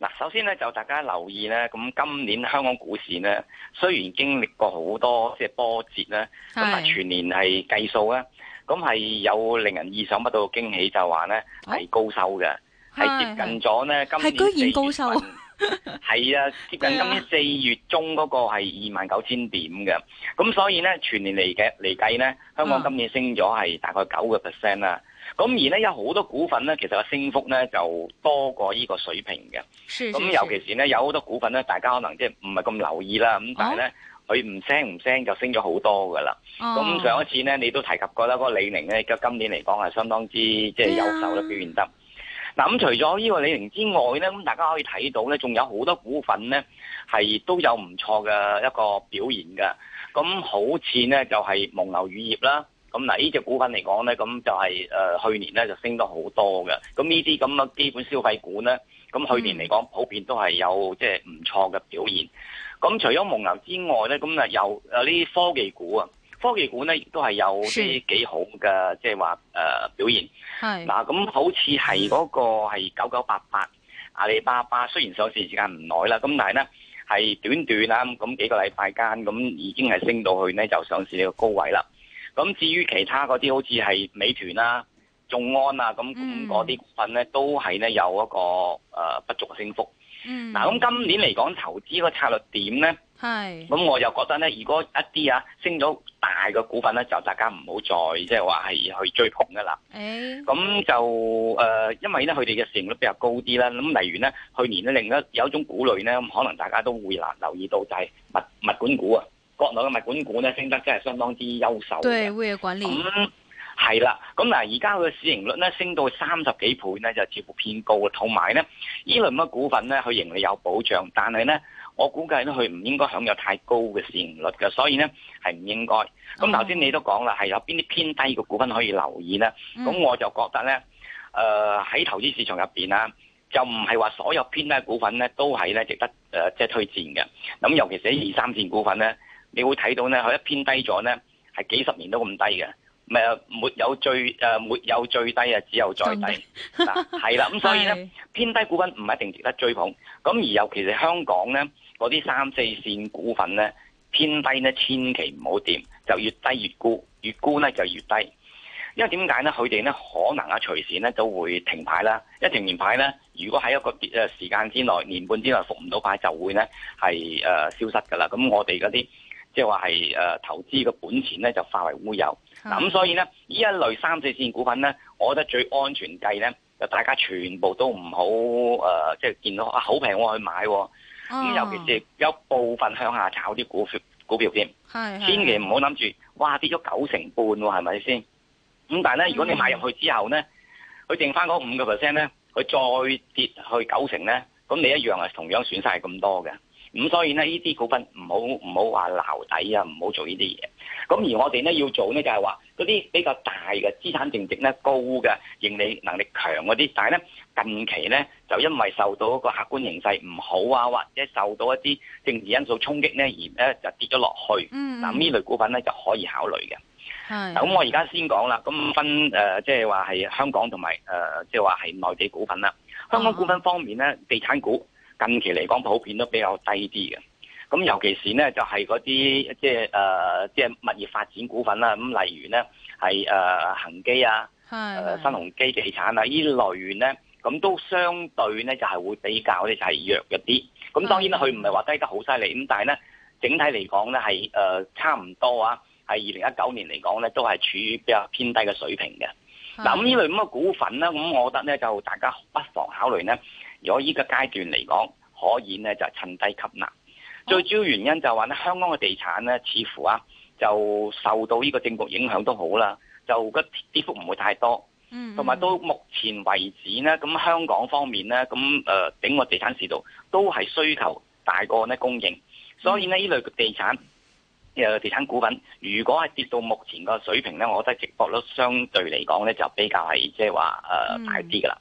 嗱，首先咧就大家留意咧，咁今年香港股市咧，雖然經歷過好多即係波折咧，咁但係全年係計數咧，咁係有令人意想不到嘅驚喜，就話咧係高收嘅，係接近咗咧今年居然高收，係啊，接近今年四月中嗰個係二萬九千點嘅，咁所以咧全年嚟嘅嚟計咧，香港今年升咗係大概九個 percent 啦。咁而咧有好多股份咧，其實個升幅咧就多過依個水平嘅。咁尤其是咧有好多股份咧，大家可能即係唔係咁留意啦。咁但係咧，佢、啊、唔升唔升就升咗好多噶啦。咁、啊、上一次咧，你都提及過啦，嗰、那個李寧咧，今年嚟講係相當之即係、就是、優秀啦表現得。嗱咁、啊、除咗呢個李寧之外咧，咁大家可以睇到咧，仲有好多股份咧係都有唔錯嘅一個表現嘅。咁好似咧就係、是、蒙牛乳業啦。咁嗱，呢隻股份嚟講咧，咁就係誒去年咧就升得好多嘅。咁呢啲咁嘅基本消費股咧，咁去年嚟講、嗯、普遍都係有即係唔錯嘅表現。咁除咗蒙牛之外咧，咁啊有呢啲科技股啊，科技股咧亦都係有啲幾好嘅，即係話誒表現。嗱，咁好似係嗰個係九九八八阿里巴巴，雖然上市時間唔耐啦，咁但係咧係短短啊咁幾個禮拜間，咁已經係升到去呢，就上市呢個高位啦。咁至於其他嗰啲好似係美團啦、啊、眾安啊咁嗰啲股份咧、嗯，都係咧有一個誒、呃、不俗升幅。嗱、嗯，咁今年嚟講投資個策略點咧？咁我又覺得咧，如果一啲啊升咗大嘅股份咧，就大家唔好再即係話係去追捧噶啦。咁、哎、就誒、呃，因為咧佢哋嘅市盈率比較高啲啦。咁例如咧，去年咧另一有一種股類咧，可能大家都會難留意到就係物物管股啊。國內嘅物管股咧升得真係相當之優秀嘅，咁係啦，咁嗱而家佢嘅市盈率咧升到三十幾倍咧，就似乎偏高嘅。同埋咧，依類嘅股份咧，佢盈利有保障，但係咧，我估計咧，佢唔應該享有太高嘅市盈率嘅，所以咧係唔應該。咁頭先你都講啦，係、oh. 有邊啲偏低嘅股份可以留意咧？咁我就覺得咧，誒、mm. 喺、呃、投資市場入面啦，就唔係話所有偏低嘅股份咧都係咧值得、呃、即係推薦嘅。咁尤其是二、mm. 三線股份咧。你會睇到咧，佢一偏低咗咧，係幾十年都咁低嘅，唔係沒有最，誒沒有最低啊，只有再低。係 啦，咁所以咧， 偏低股份唔係一定值得追捧。咁而尤其是香港咧，嗰啲三四線股份咧，偏低咧，千祈唔好掂，就越低越沽，越沽咧就越低。因為點解咧？佢哋咧可能啊隨時咧都會停牌啦。一停，停牌咧，如果喺一個誒時間之內、年半之內復唔到牌，就會咧係、呃、消失㗎啦。咁我哋嗰啲。即係話係誒投資嘅本錢咧就化為烏有。嗱咁、嗯、所以咧呢一類三四線股份咧，我覺得最安全計咧，就大家全部都唔好誒，即、呃、係、就是、見到啊好平我去買，哦。咁、哦、尤其是有部分向下炒啲股，股票股票添，千祈唔好諗住哇跌咗九成半喎係咪先？咁、嗯、但係咧如果你買入去之後咧，佢、嗯、剩翻嗰五個 percent 咧，佢再跌去九成咧，咁你一樣係同樣損失係咁多嘅。咁所以呢，呢啲股份唔好唔好話撈底啊，唔好做呢啲嘢。咁而我哋咧要做呢就係話嗰啲比較大嘅資產淨值咧高嘅、盈利能力強嗰啲，但係咧近期咧就因為受到一個客觀形勢唔好啊，或者受到一啲政治因素衝擊咧而咧就跌咗落去。嗱，呢類股份咧就可以考慮嘅。咁我而家先講啦，咁分誒，即係話係香港同埋誒，即係話係內地股份啦。香港股份方面咧，Oh. 地產股。近期嚟講，普遍都比較低啲嘅。咁尤其是咧，就係嗰啲即係誒，即係物業發展股份啦。咁例如咧，係誒恆基啊，誒新鴻基地產啊，呢類咧，咁都相對咧，就係會比較咧就係弱一啲。咁當然啦，佢唔係話低得好犀利。咁但係咧，整體嚟講咧，係誒差唔多啊。係二零一九年嚟講咧，都係處於比較偏低嘅水平嘅。嗱，咁呢類咁嘅股份咧，咁我覺得咧，就大家不妨考慮咧。如果依個階段嚟講，可以咧就趁低吸納。Oh. 最主要原因就係話咧，香港嘅地產咧，似乎啊就受到呢個政局影響都好啦，就個跌幅唔會太多。嗯，同埋到目前為止咧，咁香港方面咧，咁誒整個地產市道都係需求大過咧供應，所以呢，呢、mm -hmm. 類地產誒地產股份，如果係跌到目前個水平咧，我覺得值博率相對嚟講咧就比較係即係話誒大啲噶啦。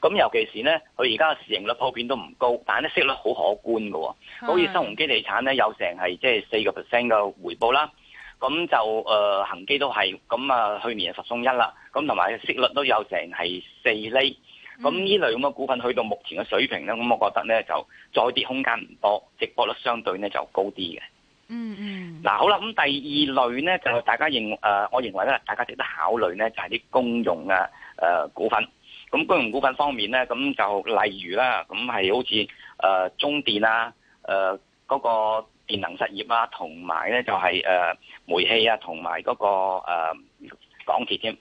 咁尤其是咧，佢而家嘅市盈率普遍都唔高，但係咧息率好可觀喎、哦。好似新鴻基地產咧有成係即係四個 percent 嘅回報啦。咁就誒恆、呃、基都係，咁啊去年十送一啦。咁同埋息率都有成係四厘。咁、嗯、呢類咁嘅股份去到目前嘅水平咧，咁我覺得咧就再跌空間唔多，值博率相對咧就高啲嘅。嗯嗯。嗱好啦，咁第二類咧就大家認誒、呃，我認為咧大家值得考慮咧就係啲公用啊、呃、股份。咁公用股份方面咧，咁就例如啦，咁係好似誒、呃、中電啊、誒、呃、嗰、那個電能實業啊，同埋咧就係、是、誒、呃、煤氣啊，同埋嗰個、呃、港鐵添、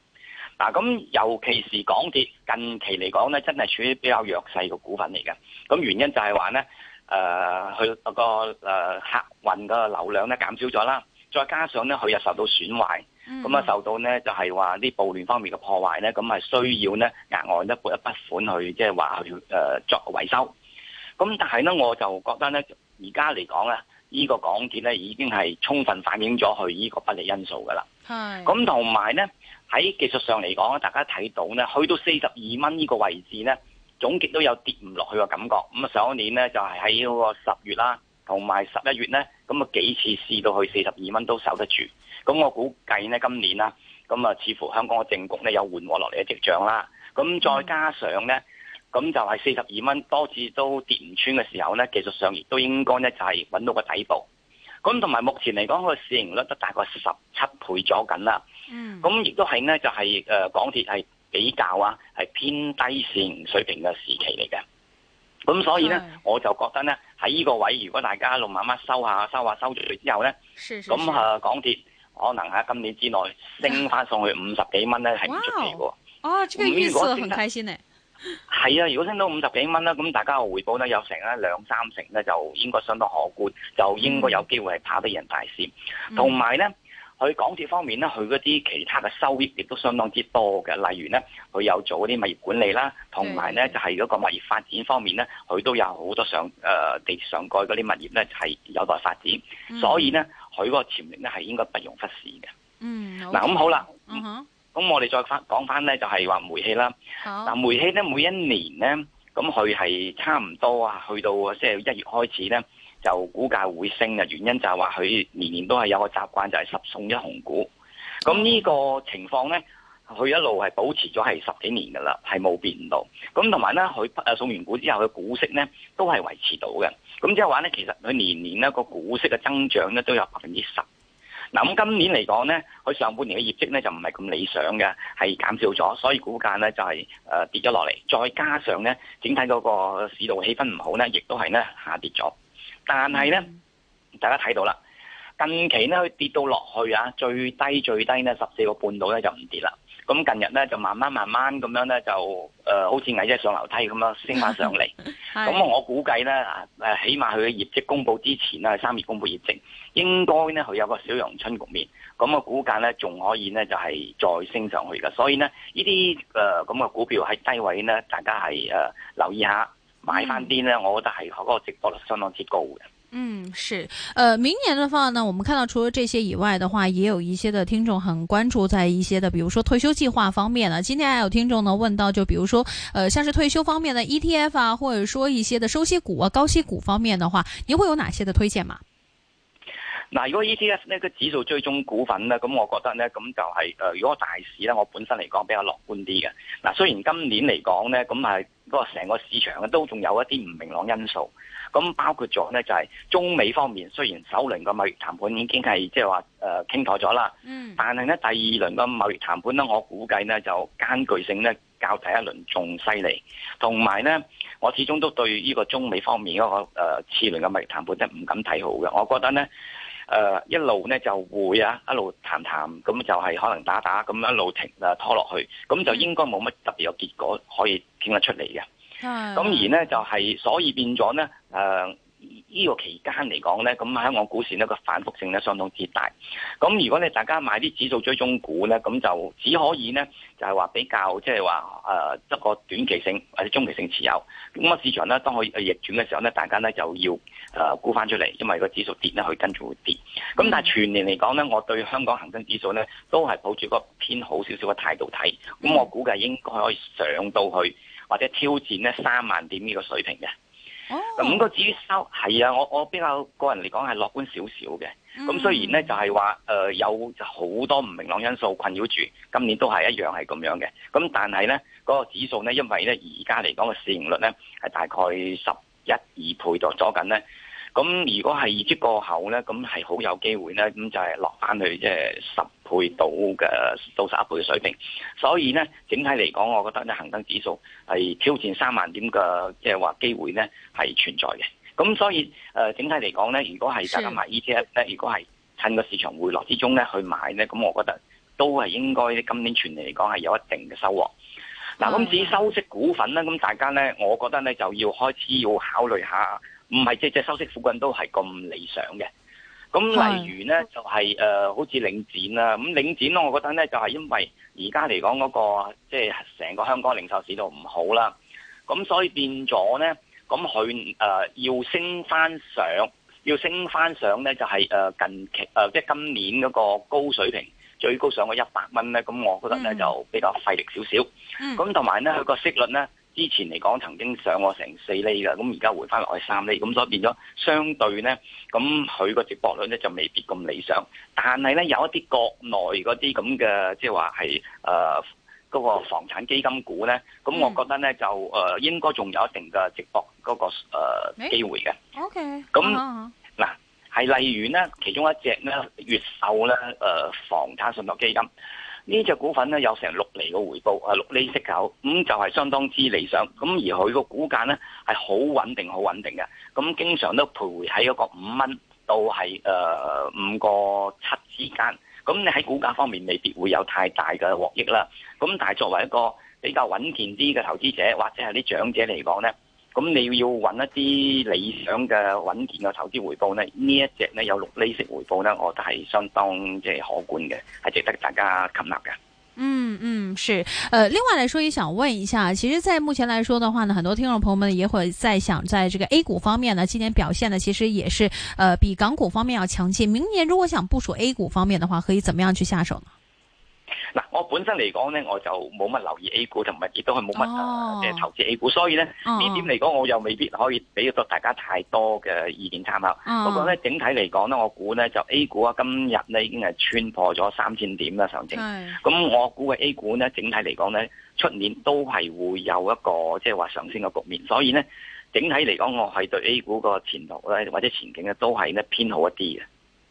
啊。嗱，咁尤其是港鐵近期嚟講咧，真係處於比較弱勢嘅股份嚟嘅。咁原因就係話咧，誒、呃、佢、那個誒、呃、客運個流量咧減少咗啦，再加上咧佢又受到損壞咁啊，受到咧就係話啲暴亂方面嘅破壞咧，咁係需要咧額外一撥一筆款去即係話去、呃、作維修。咁但係咧，我就覺得咧，而家嚟講咧，呢個港鐵咧已經係充分反映咗佢呢個不利因素㗎啦。咁同埋咧喺技術上嚟講，大家睇到咧去到四十二蚊呢個位置咧，總結都有跌唔落去嘅感覺。咁啊，上一年咧就係喺呢個十月啦。同埋十一月咧，咁啊幾次試到去四十二蚊都守得住，咁我估計咧今年啦，咁啊似乎香港嘅政局咧有緩和落嚟嘅跡象啦，咁再加上咧，咁就係四十二蚊多次都跌唔穿嘅時候咧，技術上亦都應該咧就係、是、揾到個底部。咁同埋目前嚟講，個市盈率得大概十七倍左緊啦。嗯。咁亦都係咧就係、是、誒港鐵係比較啊係偏低市盈水平嘅時期嚟嘅。咁所以咧，我就覺得咧。喺呢個位，如果大家媽媽一路慢慢收下、收下、收咗之後咧，咁誒港鐵可能喺今年之內升翻上去五十幾蚊咧係唔出奇嘅喎。哦，這個意思如果很開心嘅。係啊，如果升到五十幾蚊啦，咁大家嘅回報咧有成啊兩三成咧，就應該相當可觀，就應該有機會係跑得贏大線，同埋咧。佢港鐵方面咧，佢嗰啲其他嘅收益亦都相當之多嘅。例如咧，佢有做嗰啲物業管理啦，同埋咧就係、是、嗰個物業發展方面咧，佢都有好多上誒地、呃、上蓋嗰啲物業咧係有待發展，嗯、所以咧佢個個潛力咧係應該不容忽視嘅。嗯，嗱咁好啦，咁、嗯、我哋再翻講翻咧，就係話煤氣啦。嗱煤氣咧每一年咧，咁佢係差唔多啊，去到即係一月開始咧。就股價會升嘅原因就係話佢年年都係有個習慣就係、是、十送一紅股，咁呢個情況呢，佢一路係保持咗係十幾年嘅啦，係冇變到。咁同埋呢，佢送完股之後，佢股息呢都係維持到嘅。咁即係話呢，其實佢年年呢個股息嘅增長呢都有百分之十。嗱，咁今年嚟講呢，佢上半年嘅業績呢就唔係咁理想嘅，係減少咗，所以股價呢，就係、是呃、跌咗落嚟。再加上呢，整體嗰個市道氣氛唔好呢，亦都係呢下跌咗。但係咧、嗯，大家睇到啦，近期咧佢跌到落去啊，最低最低咧十四個半度咧就唔跌啦。咁近日咧就慢慢慢慢咁樣咧就誒、呃，好似蟻仔上樓梯咁樣升翻上嚟。咁 我估計咧、啊、起碼佢嘅業績公布之前呢，三月公布業績，應該咧佢有個小陽春局面。咁嘅股價咧，仲可以咧就係、是、再升上去㗎。所以呢，呢啲誒咁嘅股票喺低位咧，大家係誒、呃、留意下。嗯、買翻啲呢，我覺得係嗰個直播率相當之高嘅。嗯，是，呃，明年的話呢，我們看到除了這些以外的話，也有一些的聽眾很關注在一些的，比如說退休計劃方面呢、啊，今天還有聽眾呢問到，就比如說，呃，像是退休方面嘅 ETF 啊，或者說一些的收息股啊、高息股方面的話，你會有哪些的推薦嗎？嗱，如果 ETF 咧嘅指數追蹤股份咧，咁我覺得咧，咁就係、是、誒、呃，如果大市咧，我本身嚟講比較樂觀啲嘅。嗱，雖然今年嚟講咧，咁係嗰個成個市場啊，都仲有一啲唔明朗因素。咁包括咗咧就係、是、中美方面，雖然首輪嘅貿易談判已經係即係話誒傾妥咗啦，嗯，但係咧第二輪嘅貿易談判咧，我估計咧就艱巨性咧較第一輪仲犀利。同埋咧，我始終都對呢個中美方面嗰個、呃、次輪嘅貿易談判咧唔敢睇好嘅，我覺得咧。誒、呃，一路咧就會啊，一路談談咁就係可能打打，咁一路停啊拖落去，咁就應該冇乜特別嘅結果可以傾得出嚟嘅。咁而咧就係、是，所以變咗咧誒。呃呢、這個期間嚟講咧，咁香港股市咧個反覆性咧相當之大。咁如果你大家買啲指數追蹤股咧，咁就只可以咧就係、是、話比較即係話誒一個短期性或者中期性持有。咁啊市場咧當佢逆轉嘅時候咧，大家咧就要誒、呃、沽返出嚟，因為個指數跌咧佢跟住會跌。咁但係全年嚟講咧，我對香港恒生指數咧都係抱住個偏好少少嘅態度睇。咁我估計應該可以上到去或者挑戰咧三萬點呢個水平嘅。咁嗯，那個指數係啊，我我比較個人嚟講係樂觀少少嘅。咁雖然咧就係話誒有好多唔明朗因素困擾住，今年都係一樣係咁樣嘅。咁但係咧嗰個指數咧，因為咧而家嚟講個市盈率咧係大概十一二倍度左緊咧。咁如果係業績過後咧，咁係好有機會咧，咁就係落翻去即係十倍到嘅到十一倍嘅水平。所以咧，整體嚟講，我覺得咧，恒生指數係挑戰三萬點嘅，即係話機會咧係存在嘅。咁所以、呃、整體嚟講咧，如果係加埋 ETF 咧，如果係趁個市場回落之中咧去買咧，咁我覺得都係應該今年全年嚟講係有一定嘅收穫。嗱、嗯，至於收息股份咧，咁大家咧，我覺得咧就要開始要考慮下。唔係隻隻收息附近都係咁理想嘅，咁例如咧就係、係呃、好似領展啦、啊，咁領展咯，我覺得咧就係、係、因為而家嚟講嗰個即係成個香港零售市道唔好啦，咁所以變咗咧，咁佢、呃、要升翻上，要升翻上咧就係、係、誒近期、呃、即係今年嗰個高水平，最高上過一百蚊咧，咁我覺得咧、嗯、就比較費力少少，咁同埋咧佢個息率咧。之前嚟講曾經上過成四厘㗎，咁而家回翻落去三厘，咁所以變咗相對咧，咁佢個值博率咧就未必咁理想。但係咧有一啲國內嗰啲咁嘅，即係話係誒嗰個房產基金股咧，咁我覺得咧就誒、呃、應該仲有一定嘅值博嗰、嗰個誒、呃 mm. 機會嘅。OK，咁嗱係例如咧其中一隻咧越秀咧誒、呃、房產信託基金。呢隻股份咧有成六厘嘅回報，係六厘息口，咁就係相當之理想。咁而佢個股價咧係好穩定，好穩定嘅。咁經常都徘徊喺嗰個五蚊到係誒五個七之間。咁你喺股價方面未必會有太大嘅獲益啦。咁但係作為一個比較穩健啲嘅投資者，或者係啲長者嚟講咧。咁你要要揾一啲理想嘅穩健嘅投資回報呢？呢一隻呢，有六厘息回報呢，我覺得係相當即係可觀嘅，係值得大家吸納嘅。嗯嗯，是，呃，另外來說，也想問一下，其實，在目前來說的話呢，很多聽眾朋友們也會在想，在這個 A 股方面呢，今年表現呢，其實也是，呃，比港股方面要強勁。明年如果想部署 A 股方面的話，可以怎麼樣去下手呢？嗱，我本身嚟講咧，我就冇乜留意 A 股，同埋亦都係冇乜誒投資 A 股，oh. 所以咧呢點嚟講，我又未必可以俾到大家太多嘅意見參考。不過咧，整體嚟講咧，我估咧就 A 股啊，今日咧已經係穿破咗三千點啦，上證。咁、oh. 我估嘅 A 股咧，整體嚟講咧，出年都係會有一個即係話上升嘅局面。所以咧，整體嚟講，我係對 A 股個前途咧，或者前景咧，都係咧偏好一啲嘅。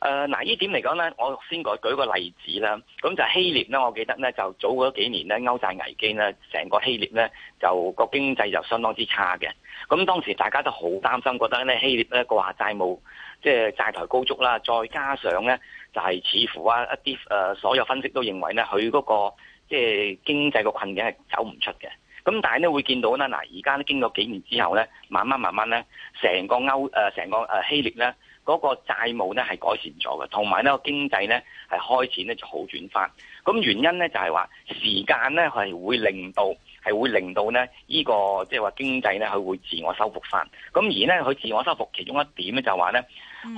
誒、呃、嗱，點呢點嚟講咧？我先舉舉個例子啦。咁就希臘咧，我記得咧，就早嗰幾年咧，歐債危機咧，成個希臘咧，就個經濟就相當之差嘅。咁當時大家都好擔心，覺得咧希臘咧個話債務，即係債台高築啦。再加上咧，就係、是、似乎啊一啲誒、呃、所有分析都認為咧，佢嗰、那個即係經濟個困境係走唔出嘅。咁但係咧會見到啦，嗱而家經過幾年之後咧，慢慢慢慢咧，成個歐誒成個誒、呃、希臘咧。嗰個債務咧係改善咗嘅，同埋呢個經濟咧係開始咧就好轉翻。咁原因咧就係話時間咧係會令到係會令到咧呢個即係話經濟咧佢會自我修復翻。咁而咧佢自我修復其中一點咧就係話咧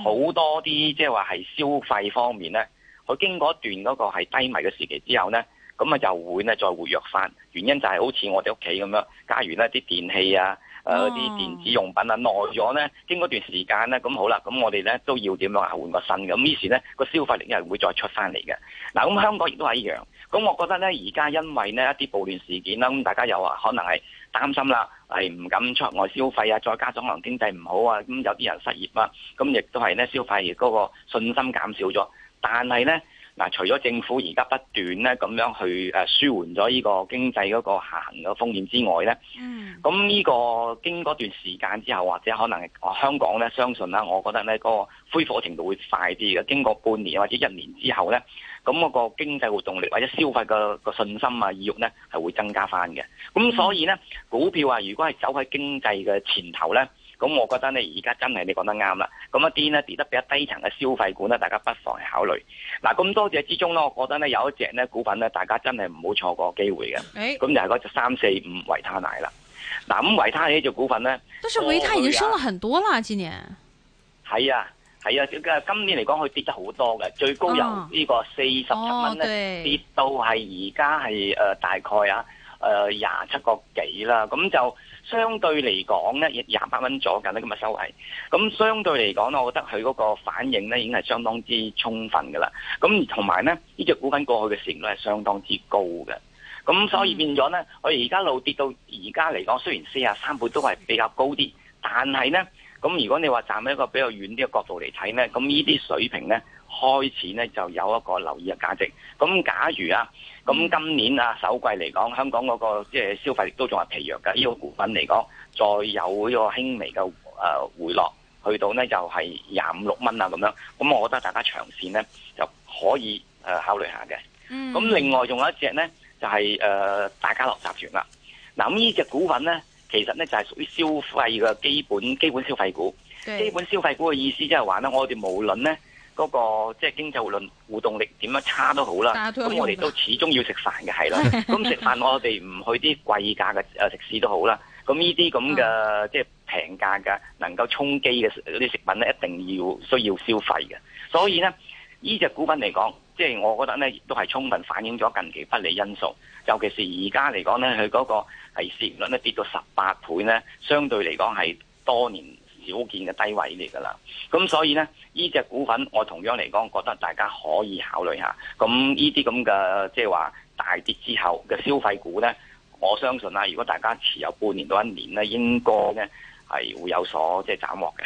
好多啲即係話係消費方面咧，佢經過一段嗰個係低迷嘅時期之後咧，咁啊就會咧再活躍翻。原因就係好似我哋屋企咁樣，加完一啲電器啊。誒、啊、啲電子用品啊，耐咗咧，經嗰段時間咧，咁好啦，咁我哋咧都要點樣換個新嘅，咁於是咧個消費力一樣會再出翻嚟嘅。嗱，咁香港亦都係一樣。咁我覺得咧，而家因為呢一啲暴亂事件啦，咁大家又話、啊、可能係擔心啦，係唔敢出外消費啊，再加上可能經濟唔好啊，咁有啲人失業啦、啊，咁亦都係咧消費嗰個信心減少咗，但係咧。嗱，除咗政府而家不斷咧咁樣去舒緩咗呢個經濟嗰個下行嘅風險之外咧，咁、嗯、呢個經過段時間之後，或者可能香港咧，相信啦，我覺得咧個恢復程度會快啲嘅。經過半年或者一年之後咧，咁嗰個經濟活動力或者消費嘅個信心啊意欲咧係會增加翻嘅。咁所以咧，股票啊，如果係走喺經濟嘅前頭咧。咁我覺得咧，而家真係你講得啱啦。咁一啲咧跌得比較低層嘅消費股咧，大家不妨考慮。嗱，咁多隻之中咧，我覺得咧有一隻咧股份咧，大家真係唔好錯過機會嘅。誒、欸，咁就係嗰隻三四五維他奶啦。嗱，咁維他呢隻股份咧，但是維他已經升咗很多啦，今年。係啊，係啊，今年嚟講，佢跌得好多嘅，最高由個呢個四十七蚊咧跌到係而家係誒大概啊誒廿七個幾啦，咁、呃、就。相對嚟講咧，廿八蚊左近咧咁嘅收尾，咁相對嚟講咧，我覺得佢嗰個反應咧已經係相當之充分噶啦。咁同埋咧，呢隻股份過去嘅市盈率係相當之高嘅，咁所以變咗咧，我而家路跌到而家嚟講，雖然四十三倍都係比較高啲，但係咧，咁如果你話站喺一個比較遠啲嘅角度嚟睇咧，咁呢啲水平咧。開始咧就有一個留意嘅價值。咁假如啊，咁今年啊首季嚟講，香港嗰個即係消費都仲係疲弱嘅。呢、這個股份嚟講，再有呢個輕微嘅誒回落，去到呢就係廿五六蚊啊咁樣。咁我覺得大家長線咧就可以誒考慮下嘅。咁、嗯、另外仲有一隻咧就係、是、誒大家樂集團啦。嗱咁呢隻股份咧，其實咧就係屬於消費嘅基本基本消費股。基本消費股嘅意思即係話咧，我哋無論咧。嗰、那個即係經濟活動力點樣差都好啦，咁我哋都始終要食飯嘅係啦。咁食 飯我哋唔去啲貴價嘅食肆都好啦。咁呢啲咁嘅即係平價嘅能夠充飢嘅嗰啲食品咧，一定要需要消費嘅。所以呢，呢隻股份嚟講，即、就、係、是、我覺得咧，都係充分反映咗近期不利因素。尤其是而家嚟講咧，佢嗰個市盈率咧跌到十八倍咧，相對嚟講係多年，少見嘅低位嚟噶啦，咁所以呢，呢隻股份我同樣嚟講，覺得大家可以考慮下。咁呢啲咁嘅即係話大跌之後嘅消費股呢，我相信啦、啊，如果大家持有半年到一年呢，應該呢係會有所即係斬獲嘅。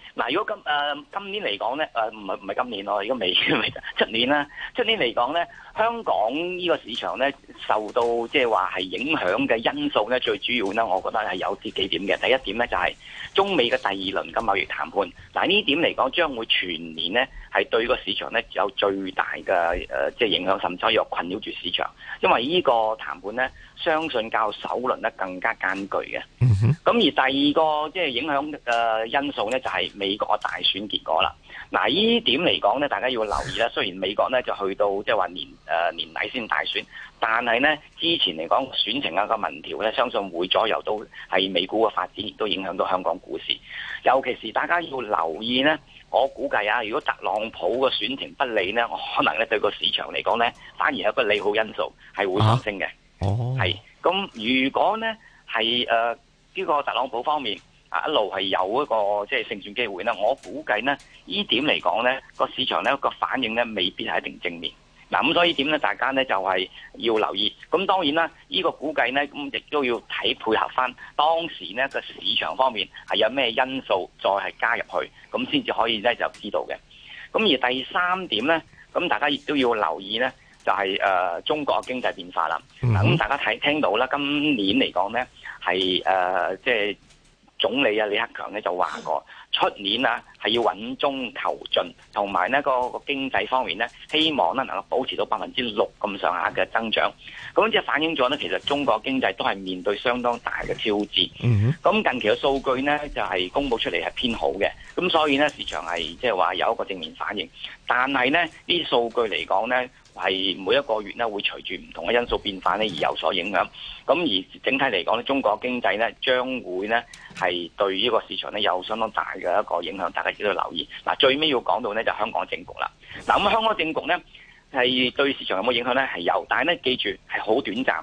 嗱，如果今誒、呃、今年嚟講咧，誒唔係唔係今年咯，如果未出年啦，出年嚟講咧，香港呢個市場咧受到即係話係影響嘅因素咧，最主要咧，我覺得係有呢幾點嘅。第一點咧就係、是、中美嘅第二輪貿易談判，嗱呢點嚟講將會全年咧係對個市場咧有最大嘅誒即係影響甚至，又困擾住市場，因為呢個談判咧相信較首輪咧更加艱巨嘅。咁、嗯、而第二個即係、就是、影響誒、呃、因素咧就係、是。美國嘅大選結果啦，嗱呢點嚟講咧，大家要留意啦。雖然美國咧就去到即係話年、呃、年底先大選，但係咧之前嚟講選情啊個民調咧，相信會左右到係美股嘅發展，亦都影響到香港股市。尤其是大家要留意咧，我估計啊，如果特朗普嘅選情不利咧，我可能咧對個市場嚟講咧，反而係一個利好因素係會上升嘅。哦、啊，係。咁如果咧係誒呢個、呃呢個特朗普方面。啊，一路係有一個即係勝算機會啦。我估計呢，呢點嚟講，呢個市場呢個反應呢，未必係一定正面。嗱，咁所以呢點呢，大家呢就係、是、要留意。咁當然啦，呢、呢個估計呢，咁亦都要睇配合翻當時呢個市場方面係有咩因素，再係加入去，咁先至可以呢就知道嘅。咁而第三點呢，咁大家亦都要留意呢就係、是、誒、呃、中國嘅經濟變化啦。咁、嗯、大家睇聽到啦，今年嚟講呢係誒即係。總理啊，李克強咧就話過，出年啊係要穩中求進，同埋咧個個經濟方面咧，希望咧能夠保持到百分之六咁上下嘅增長。咁即係反映咗咧，其實中國經濟都係面對相當大嘅挑戰。咁近期嘅數據咧就係公布出嚟係偏好嘅，咁所以咧市場係即係話有一個正面反應，但係呢啲數據嚟講咧。係每一個月咧，會隨住唔同嘅因素變化咧，而有所影響。咁而整體嚟講咧，中國經濟咧將會咧係對呢個市場咧有相當大嘅一個影響，大家知道留意。嗱，最尾要講到咧就係香港政局啦。嗱，咁香港政局咧係對市場有冇影響咧？係有，但係咧記住係好短暫，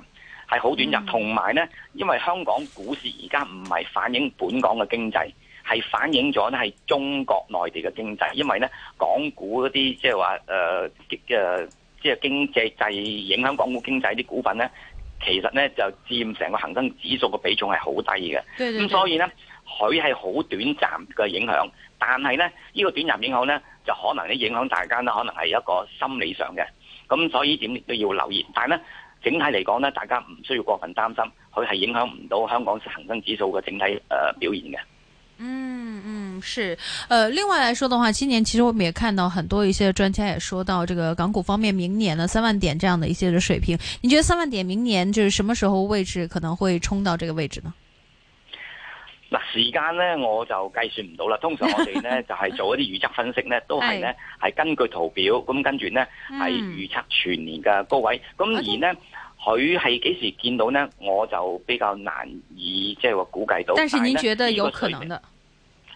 係好短暫。同埋咧，因為香港股市而家唔係反映本港嘅經濟，係反映咗咧係中國內地嘅經濟，因為咧港股嗰啲即係話誒嘅。就是說呃即、就、係、是、經濟制、就是、影響港股經濟啲股份咧，其實咧就佔成個恒生指數嘅比重係好低嘅。咁所以咧，佢係好短暫嘅影響。但係咧，呢、這個短暫影響咧，就可能啲影響大家咧，可能係一個心理上嘅。咁所以點都要留意。但係咧，整體嚟講咧，大家唔需要過分擔心，佢係影響唔到香港恒生指數嘅整體誒、呃、表現嘅。嗯嗯，是，呃，另外來說的話，今年其實我們也看到很多一些專家也說到，這個港股方面明年呢三萬點這樣的一些的水平，你覺得三萬點明年就是什麼時候位置可能會衝到這個位置呢？嗱，時間呢我就計算唔到啦，通常我哋呢就係、是、做一啲預測分析呢 都係呢係根據圖表，咁跟住呢係、嗯、預測全年嘅高位，咁而呢。Okay. 佢係幾時見到呢？我就比較難以即係話估計到。但是您覺得有可能的，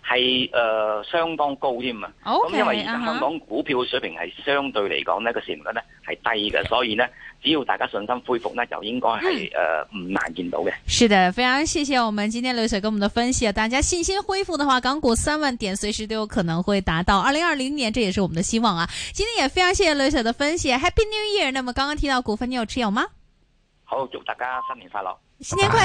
係誒、呃、相當高添啊！咁、okay, uh -huh. 因為而家香港股票水平係相對嚟講呢個市盈率呢係低嘅，所以呢只要大家信心恢復呢，就應該係誒唔難見到嘅。是的，非常謝謝我們今天劉雪給我們的分析。大家信心恢復的話，港股三萬點隨時都有可能會達到。二零二零年，這也是我們的希望啊！今天也非常謝謝劉雪的分析。Happy New Year！那麼剛剛提到股份，你有持有嗎？好，祝大家新年快樂，新年快樂。拜拜。